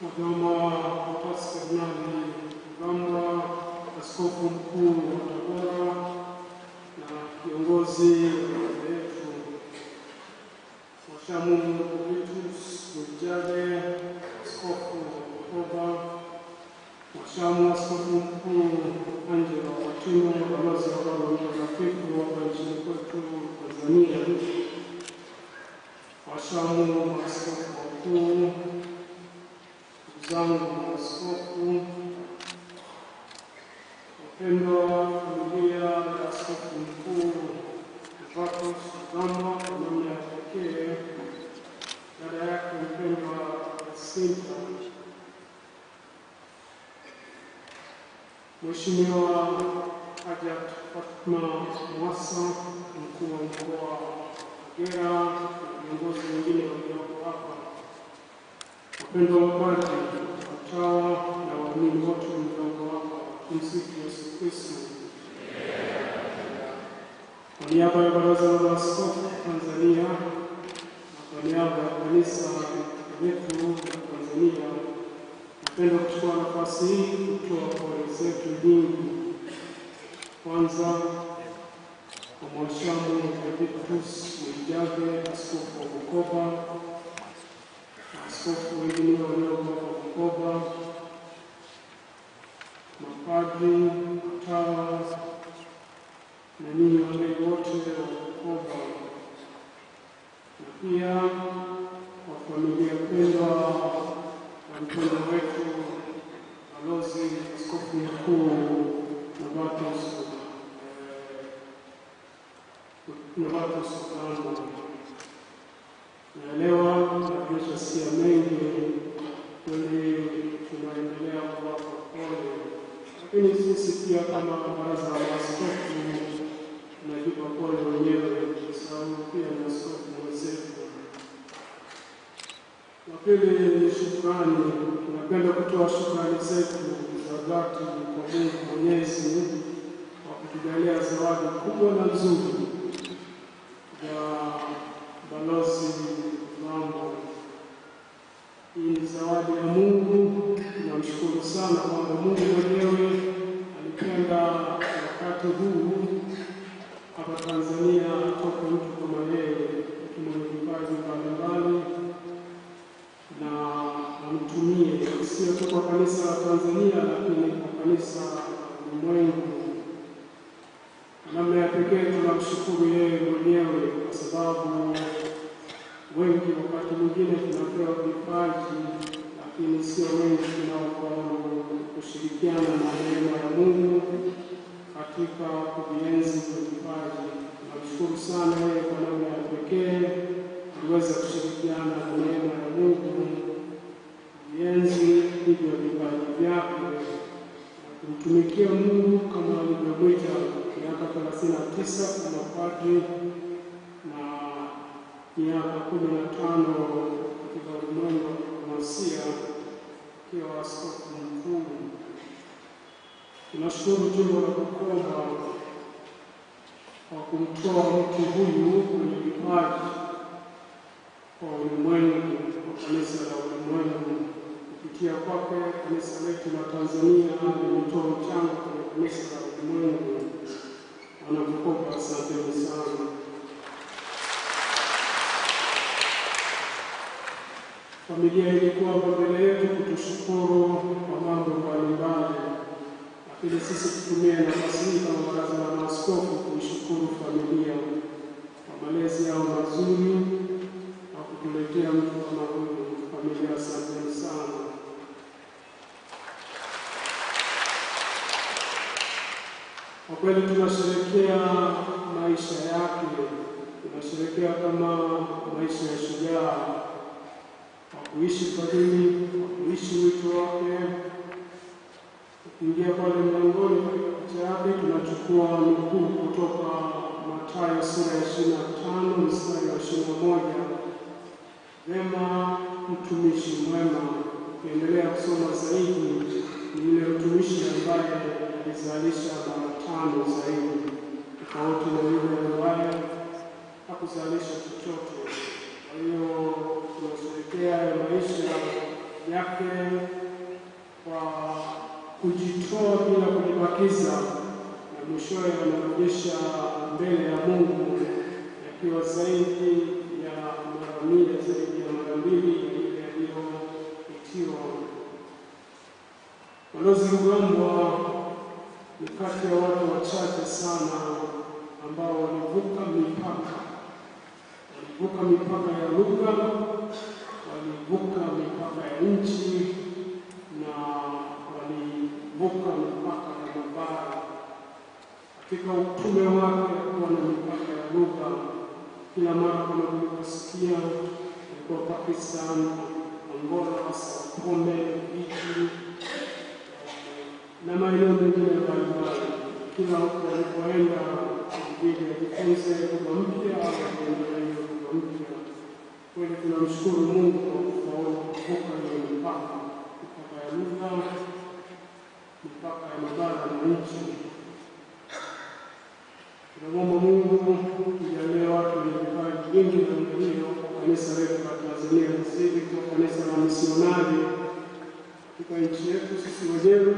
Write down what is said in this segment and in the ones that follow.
Mwadhama Papa Bernardi Rugambwa, askofu mkuu wa Tabora na viongozi wa baraza yetu, Mhashamu Vitus Mwijage, askofu wa Bukoba, Mhashamu Mheshimiwa Hajat Fatma mwasa mkuu wa mkoa wa Kagera na viongozi wengine waliopo hapa, wapendwa mapadri, watawa na waumini wote mliopo hapa, tumsifu Yesu Kristo. Kwa niaba ya Baraza la Maaskofu Tanzania na kwa niaba ya Kanisa letu la Tanzania Napenda kuchukua nafasi hii kutoa pole zetu nyingi, kwanza kwa Mhashamu Benedictus Mwijage, askofu wa Bukoba, askofu wengine walioko Bukoba, mapadri, watawa na ninyi walei wote wa Bukoba, na pia kwa familia pendwa wa mpendo wetu Balozi Askofu Mkuu Novatus Otambo, naelewa najua sia mengi kweli, tunaendelea kuwapa pole, lakini sisi pia kama baraza la maaskofu tunajipa pole wenyewe, kwa sababu pia ni askofu mwenzetu. La pili ni shukrani Napenda kutoa shukrani zetu za dhati kwa Mungu Mwenyezi kwa kutujalia zawadi kubwa na nzuri ya Balozi Mambo. Hii ni zawadi ya Mungu. Tunamshukuru sana kwamba Mungu mwenyewe alipenda wakati huu hapa Tanzania kanisa ulimwengu. Namna ya pekee tunamshukuru yeye mwenyewe kwa sababu wengi wakati mwingine tunapewa vipaji, lakini sio wengi tunaofaulu kushirikiana na neema ya Mungu katika kuvienzi vyo vipaji. Tunamshukuru sana yeye kwa namna ya pekee tuliweza kushirikiana na neema ya Mungu vienzi hivyo vipaji vyako Mtumikia Mungu kama alivyomwita miaka thelathini na tisa kama padri na miaka kumi na tano katika ulimwengu wa diplomasia ikiwa askofu mkuu. Tunashukuru jimbo la Bukoba kwa kumtoa mtu huyu kwenye vipaji kwa ulimwengu, kwa kanisa la ulimwengu kupitia kwake kanisa letu la Tanzania limetoa mchango kwenye kanisa la ulimwengu. Wanabukoba, asanteni sana. Familia ilikuwa mbele yetu kutushukuru kwa mambo mbalimbali, lakini sisi tutumie nafasi hii kama baraza la maaskofu kuishukuru kuishi kwa dini, kuishi wake, kuingia pale mlangoni tayari. Tunachukua nukuu kutoka Mathayo sura ya ishirini na tano mstari wa ishirini na moja Vema mtumishi mwema. ukiendelea kusoma zaidi, ni yule mtumishi ambaye alizalisha mara tano zaidi, tofauti na yule ambaye hakuzalisha chochote. yake kwa kujitoa bila kujibakiza, na mwishowe anarejesha mbele ya Mungu yakiwa zaidi ya mara mia, zaidi ya mara mbili ile yaliyoitiwa. Balozi Rugambwa ni kati ya watu wachache sana ambao walivuka mipaka, walivuka mipaka ya lugha, walivuka katiba ya nchi na walivuka mipaka ya mabara katika utume wake kuwa na mipaka ya lugha. Kila mara kama tulivyosikia, alikuwa Pakistan, Angola, Sao Tome, Fiji na maeneo mengine mbalimbali. Kila walipoenda ili ajifunze lugha mpya au ajiendelee lugha mpya Kweli tunamshukuru Mungu kwa kufaulu kuvuka hiyo mipaka, mipaka ya lugha, mipaka ya mabara na nchi. Tunamwomba Mungu tujalie watu wenye vipaji vingi na mbilio me kanisa letu la Tanzania, a kwa kanisa la misionari katika nchi yetu sisi wenyewe,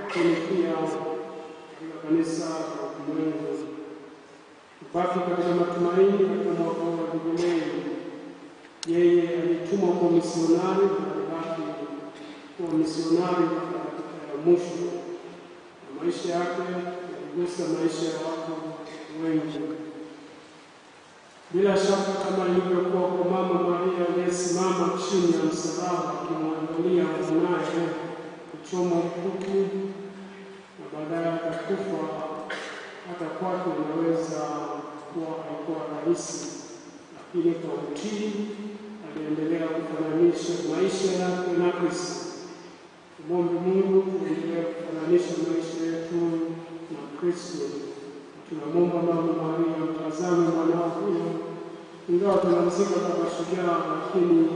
lakini pia katika kanisa la ulimwengu. Tubaki katika matumaini katika mwaka huu wa Jubilei Yeye alitumwa kwa misionari na alibaki kuwa misionari katika mwisho, na maisha yake yaligusa maisha ya watu wengi. Bila shaka, kama ilivyokuwa kwa Mama Maria aliyesimama chini ya msalaba akimwangalia mwanaye kuchoma mkuki na baadaye atakufa, hata kwake inaweza kuwa haikuwa rahisi, lakini kwa utii kuendelea kufananisha maisha yako na Kristo. Tumwombe Mungu kuendelea kufananisha maisha yetu na Kristo. Tunamwomba Mama Maria mtazame mwanao huyo, ingawa tunamzika kama shujaa, lakini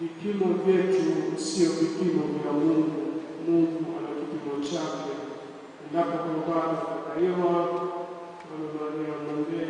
vipimo vyetu sio vipimo vya Mungu. Mungu ana kipimo chake. Endapo kwa Baba akadaiwa, Mama Maria mwombee